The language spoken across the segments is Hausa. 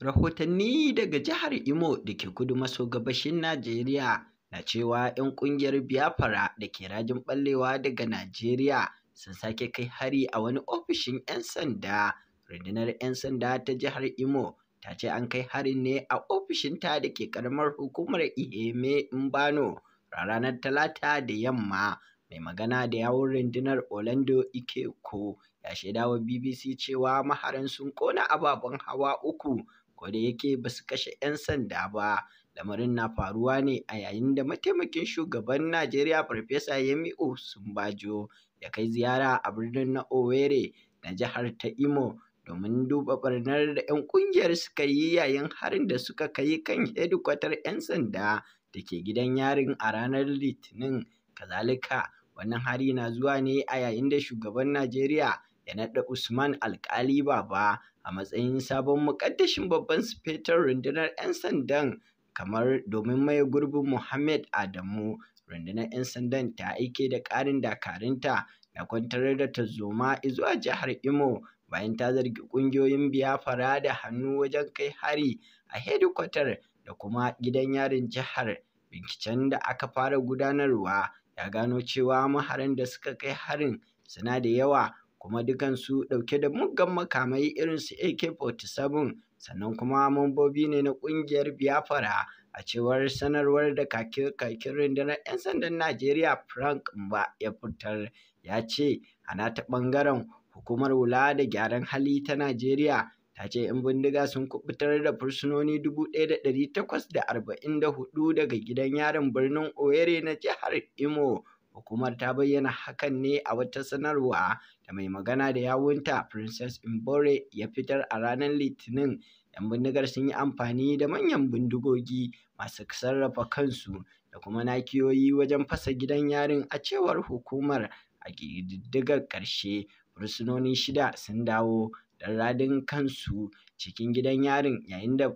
Rahotanni daga jihar Imo da ke kudu maso gabashin Najeriya na cewa 'yan ƙungiyar Biafra da ke rajin ɓallewa daga Najeriya sun sake kai hari a wani ofishin 'yan sanda. Rundunar 'yan sanda ta jihar Imo ta ce an kai harin ne a ofishinta da ke ƙaramar hukumar Iheme Mbano ranar Talata da yamma. Mai magana da yawun rundunar Orlando Ikeko ya shaidawa BBC cewa maharan sun ƙona ababen hawa uku ko yake ba su kashe 'yan sanda ba lamarin na faruwa ne a yayin da mataimakin shugaban najeriya farfesa yemi osunbajo ya kai ziyara a birnin na owerri na jihar ta imo domin duba barnar da 'yan kungiyar suka yi yayin harin da suka kai kan hedikwatar 'yan sanda da ke gidan yarin a ranar litinin kazalika wannan hari na zuwa ne a yayin da shugaban najeriya ya naɗa Usman Alƙali Baba a matsayin sabon muƙaddashin babban sufetar rundunar 'yan sandan kamar domin mai gurbin Muhammad Adamu rundunar 'yan sandan ta aike da ƙarin dakarinta, na kwantar da tarzoma zuwa jihar Imo bayan ta zargi ƙungiyoyin biyafara da hannu wajen kai hari a hedikwatar da kuma gidan yarin jihar binciken da aka fara gudanarwa ya gano cewa maharan da suka kai harin suna da yawa kuma dukansu ɗauke da muggan makamai irin su AK-47 sannan kuma mambobi ne na ƙungiyar Biafra a cewar sanarwar da kakin rundunar 'yan sandan Najeriya Frank Mba ya fitar ya ce ana ta ɓangaren hukumar wula da gyaran hali ta Najeriya ta ce 'yan bindiga sun kubutar da fursunoni 1,844 daga gidan yarin birnin Owerri na jihar Imo. Hukumar ta bayyana hakan ne a wata sanarwa da mai magana da yawunta Princess Imbore ya fitar a ranar Litinin. 'Yan bindigar sun yi amfani da manyan bindigogi masu sarrafa kansu da kuma nakiyoyi wajen fasa gidan yarin a cewar hukumar a ƙididdigar ƙarshe fursunoni shida sun dawo don radin kansu cikin gidan yarin yayin da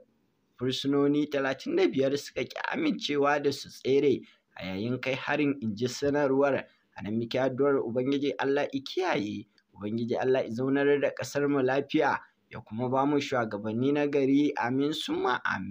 fursunoni 35 suka ƙi amincewa da su tsere a yayin kai harin in ji sanarwar a nan muke addu'ar ubangiji Allah i kiyaye ubangiji Allah i zaunar da ƙasar mu lafiya ya kuma ba mu shugabanni na gari amin summa amin